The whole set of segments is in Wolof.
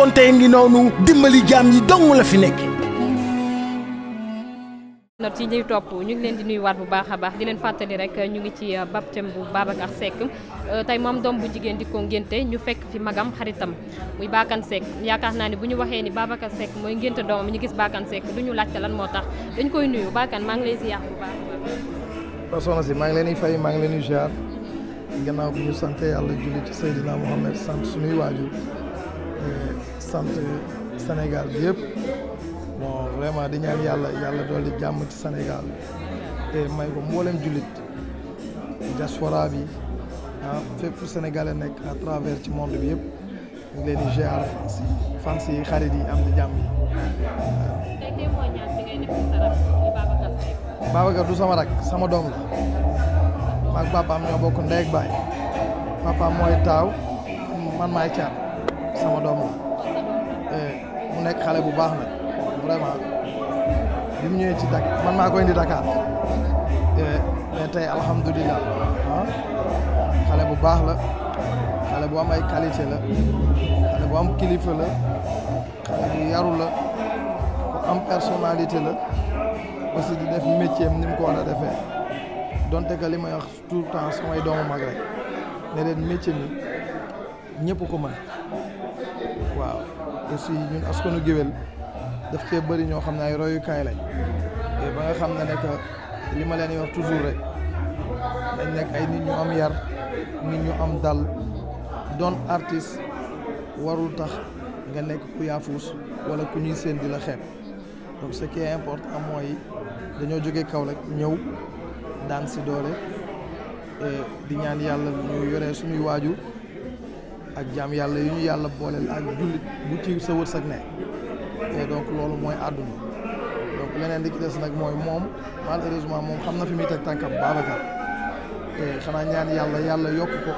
konte ngi noonu dimbali jaam yi dong la fi nekk. not yi ñuy topp ñu ngi leen di nuyuwaat bu baax a baax di leen fàttali rek ñu ngi ci uh, baptême bu Babacar Seck uh, tey moom doom bu jigéen di ko ngénte ñu fekk fi magam xaritam muy Bakane Seck yaakaar naa ni bu ñu waxee ni Babacar Seck mooy ngénte doomam ñu gis Bakane Seck du ñu laajte lan moo tax dañ koy nuyu Bakane maa ngi lay ziar bu baax a baax. soxna si maa ngi leen fay maa ngi leen di ziar gannaaw bu ñu sant yàlla julli ci Seydina Mohamed sant sant Sénégal bi yëpp bon vraiment di ñaan yàlla yàlla dolli jàmm ci Sénégal te may ko mboolem jullit diaspora bi ah fépp fu sénégalais nekk à travers ci monde bi yëpp ñu leen di gérer fans yi yi am di jàmm yi. Babacar du sama rak sama doom la maag papaam ñoo bokk ndey baay papaam mooy taaw man maay caat sama doom mu nekk xale bu baax nag vraiment bi mu ñëwee ci Dakar man maa koy indi Dakar mais tey alhamdulilah ah, xale bu baax la xale bu am ay qualité la xale bu am kilifa la xale bu yaru la ku am personnalité la aussi di def métier am ni mu ko war a defee donte que li may wax temps samay doomu mag rek ne leen métier mi ñëpp ko mën. aussi ñun askanu géwél daf cee bëri ñoo xam ne ay royukaay lañ ba nga xam ne nekk li ma leen yor toujours rek dañ nekk ay nit ñu am yar nit ñu am dal doon artiste warul tax nga nekk ku yaafuus wala ku ñuy seen di la xeeb donc ce qui est important mooy dañoo jógee Kaolack ñëw daan si doole di ñaan yàlla ñu yoree suñuy waaju ak jaam yàlla yi ñu yàlla booleel ak jullit bu ci sa wërsëg ne et donc loolu mooy àdduna donc leneen li des nag mooy moom malheureusement moom xam na fi muy teg tànkam Babacar te xanaa ñaan yàlla yàlla yokk ko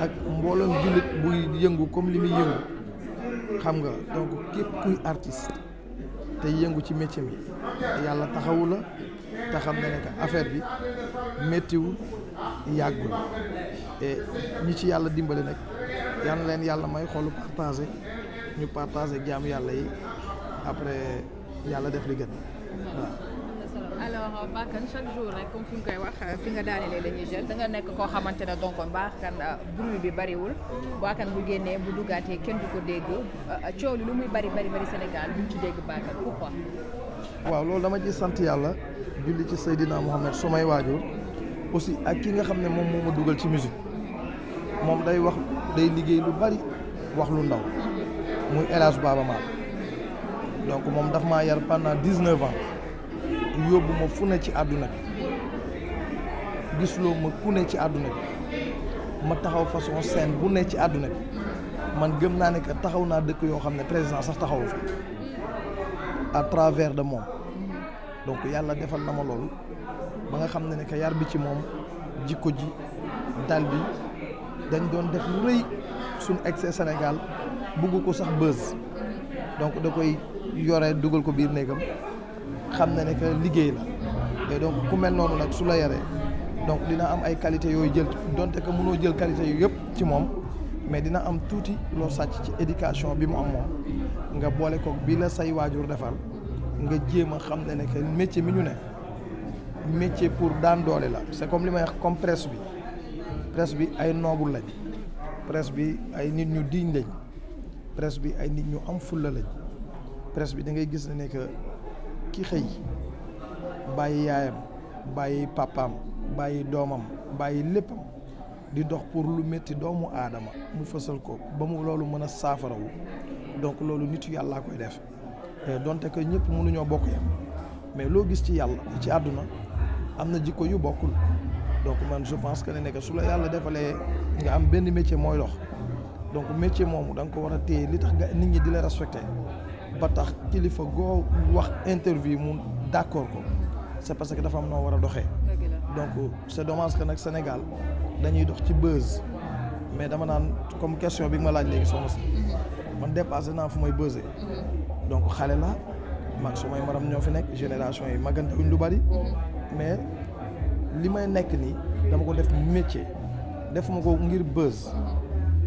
ak mbooloom jullit buy yëngu comme li muy yëngu xam nga donc képp kuy artiste te yëngu ci métier mi yàlla taxawu la te xam ne ne affaire bi méttiwul yàggul ñi ci yàlla dimbali nag na leen yàlla may xolu partagé ñu partagé ak jaamu yàlla yi après yàlla def li gën waaw. alors euh, Bakane chaque jour rek comme fi nga koy wax fi nga nekk koo xamante ne donc Bakane euh, bruit bi bariwul Bakane bu génnee bu duggaatee kenn du ko dégg euh, coow lu muy bari bari bari Sénégal duñ ci dégg Bakane pourquoi. waaw loolu dama ji sant yàlla julli ci Seydina Mohamed su may waajur aussi ak ki nga xam ne moom moo ma dugal ci musique moom day wax day liggéey lu bari wax lu ndaw muy El Hadj Baba donc moom daf maa yar pendant dix neuf ans yóbbu ma fu ne ci àdduna bi ma ku ne ci àdduna ma taxaw façon scène bu ne ci àdduna bi man gëm naa nekk taxaw naa dëkk yoo xam ne président sax taxawu fa à travers de moom. donc yàlla defal na ma loolu ba nga xam ne ne que yar bi ci moom jikko ji dal bi dañ doon def rëy suñu excès Sénégal bugg ko sax bës donc da koy yore dugal ko biir néegam xam na ne que liggéey la et donc ku mel noonu nag su la yaree donc dina am ay qualité yooyu jël donte que mënoo jël qualité yu yëpp ci moom mais dina am tuuti loo sàcc ci éducation bi mu am moom nga boole koog bii la say waajur defal nga jéem a xam ne ne que métier mi ñu ne métier pour daan doole la c'est comme li may wax comme presse bi presse bi ay noobu lañ presse bi ay nit ñu diñ lañ presse bi ay nit ñu am fulla lañ presse bi da ngay gis ne ne que ki xëy bàyyi yaayam bàyyi papaam bàyyi doomam bàyyi léppam di dox pour lu métti doomu aadama mu fësal ko ba mu loolu mën a saafarawu donc loolu nitu yàllaa koy def Eh, donte que ñëpp mënuñoo bokk yam mais loo gis ci yàlla ci àdduna am na jikko yu bokkul donc man je pense que ne nekk su la yàlla defalee nga am benn métier mooy dox donc métier moomu danga ko war a téye li tax nga nit ñi di la respecté ba tax kilifa goo wax interview mu d'accord ko c'est parce que dafa am noo war a doxee donc c'est dommage que nag Sénégal dañuy dox ci buzz mais dama naan comme question bi nga ma laaj léegi soxna si man dépassé naa fu may buzzé mhm. donc xale la mag su may maram ñoo fi nekk génération yi magante wuñ lu bari mais li may nekk nii dama ko def métier ma ko ngir buzz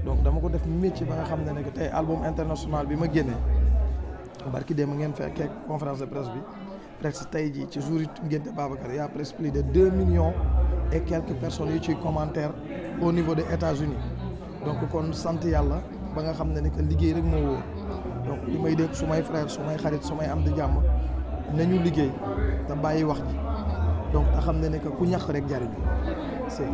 donc dama ko def métier ba nga xam ne ne tey album international bi ma génnee barki dem ngeen fekkee conférence de presse bi presque tey jii ci jour yi ngénte Babacar y a presque plus de deux millions et quelques personnes yu ci commentaire au niveau des États-Unis donc kon sant yàlla ba nga xam ne ne que liggéey rek moo donc li may dégg su may frère su may xarit su may am di jàmm nañu liggéey te bàyyi wax ji donc te xam ne ne que ku ñax rek jariñu c'est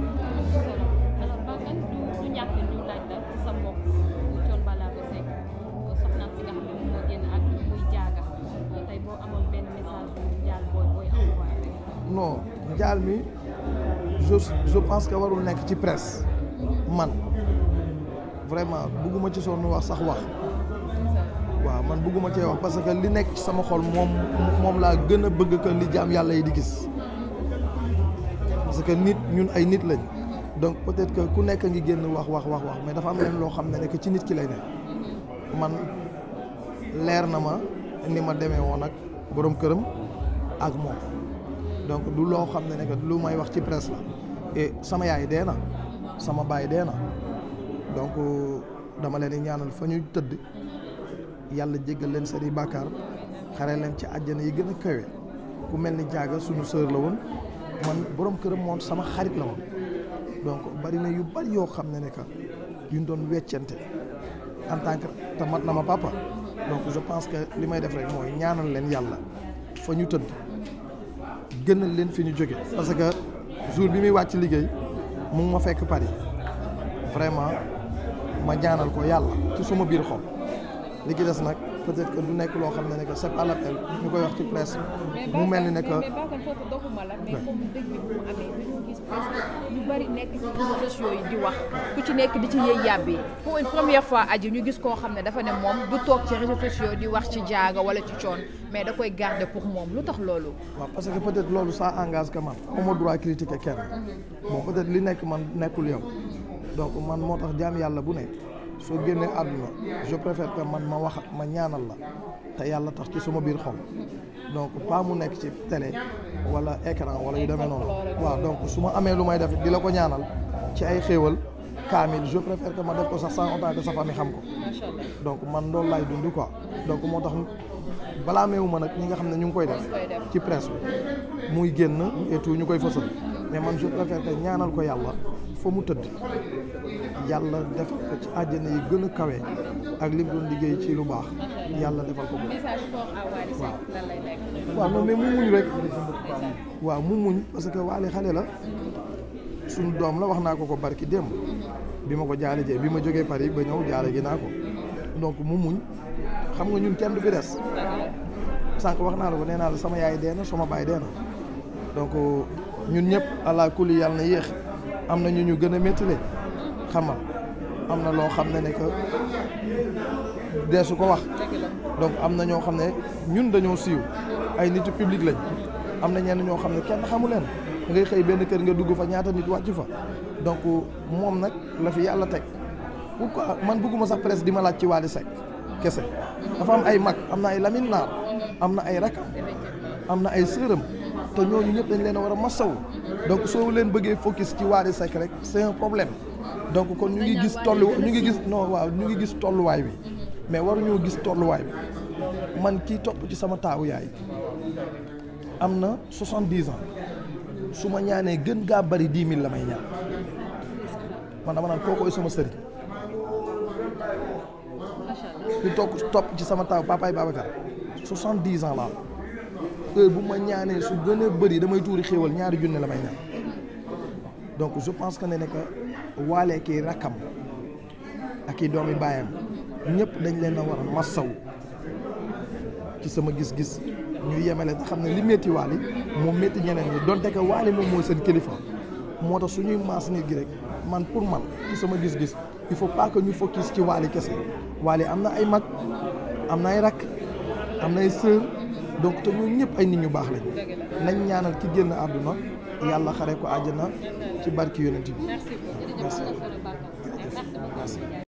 non njaal mi je je pense que warul nekk ci presse man vraiment bugguma ci sonn wax sax wax waaw man bëgguma cee wax parce que li nekk sama xol moom moom laa gën a bëgg que li jaam yàlla yi di gis parce que nit ñun ay nit lañ donc peut-être que ku nekk ngi génn wax wax wax wax mais dafa am leen loo xam ne ne ci nit ki lay ne leer na ma ni ma demee woon ak borom këram ak moom donc du loo xam ne ne que lu may wax ci presse la et sama yaay dee na sama baay dee na donc dama leen di ñaanal fa ñu tëdd yàlla jéggal leen seen i bàkkaar xare ci àjjana yi gën a kawe ku mel ni jaaga suñu sœur la woon man boroom këram moom sama xarit la woon donc bari na yu bari yoo xam ne ne que yuñ doon weccante en tant que te mat na ma papa donc je pense que li may def rek mooy ñaanal leen yàlla fa ñu tënt gënal leen fi ñu jóge parce que jour bi muy wàcc liggéey mu ngi fekk Paris vraiment ma ñaanal ko yàlla ci suma biir xol li ci des nag peut-être du nekk loo xam ne ne que c'est pas l'appel ñu koy wax ci presse mu mel ni ne que ñu bari nekk ci réseaux sociaux yi di wax ku ci nekk di ci yëy yàbbi pour une première fois aji ñu gis koo xam ne dafa ne moom du toog ci réseaux sociaux di wax ci jaaga wala ci coon mais da koy garder pour moom lu tax loolu waaw parce que peut-être loolu ça engage que man awma droit critiquer kenn bon peut li nekk man nekkul yow donc man moo tax jaam yàlla bu ne soo génnee àdduna je préfère que man ma wax ma ñaanal la te yàlla tax ci suma biir xol donc pas mu nekk ci télé wala écran wala yu demee noonu waaw donc su ma amee lu may def di la ko ñaanal ci ay xéewal kaamil je préfère que ma def ko sax sans autant sa famille xam ko donc man loolu laay dund quoi donc moo tax balaa meewu ma nag ñi nga xam ne ñu ngi koy def ci presse bi muy génn et ñu koy fësal mais man je préfère que ñaanal ko yàlla fa mu tëdd yàlla defal ko ci àjjana yi gën kawe ak li doon liggéey ci lu baax yàlla defal ko waaw waaw non mais mu muñ rek waaw mu muñ parce que waale xale la suñu doom la wax naa ko ko barki démb bi ma ko jaale jee bi ma jógee Paris ba ñëw jaale gi naa ko donc mu muñ xam nga ñun kenn du fi des sànq wax naa la ko nee naa la sama yaay dee na sama baay dee na donc euh, ñun ñëpp allah kulli na yéex am na ñu ñu gën a méttile xam am na loo xam ne ne que su ko wax donc am na ñoo xam ne ñun dañoo siiw ay nitu public lañ am na ñeen ñoo xam ne kenn xamu leen da xëy benn kër nga dugg fa ñaata nit wàcc fa donc moom nag la fi yàlla teg pourquoi man bëgguma sax presse di ma laaj ci Wally Seck kese dafa am ay mag am na ay lamin Naar am na ay rakam am na ay sërëm te ñooñu ñëpp dañ leen a war a masawu donc soo leen bëggee focus ci Wally Seck rek seen problème donc kon ñu ngi gis tollu ñu ngi gis non waaw ñu ngi gis tolluwaay bi mais waruñoo gis tolluwaay bi man kii topp ci sama taawu yaay am na soixante-dix ans su ma ñaanee gën gaa bari dix mille la may ñaan man dama naan kookoy sama sëriñ ki toog topp ci sama taaw papaay Babacar soixante-dix ans laa heure bu ma ñaanee su gën a bëri damay tuuri xéewal ñaari junne la may ñaan donc je pense que ne ne que waalee kii rakkam ak i doomi baayam ñëpp dañ leen a war a massaw ci sama gis-gis ñu yemale te xam ne li métti waali moom métti ñeneen ñi donte que waali moom mooy seen kilifa moo tax suñuy maas nit gi rek man pour man ci sama gis-gis il faut pas que ñu focus ci waali kese waali am na ay mag am na ay rakk am na ay sœur donc te ñooñu ñëpp ay nit ñu baax lañ nañ ñaanal ci génn àdduna yàlla xare ko àjjana ci barki yonent bi merci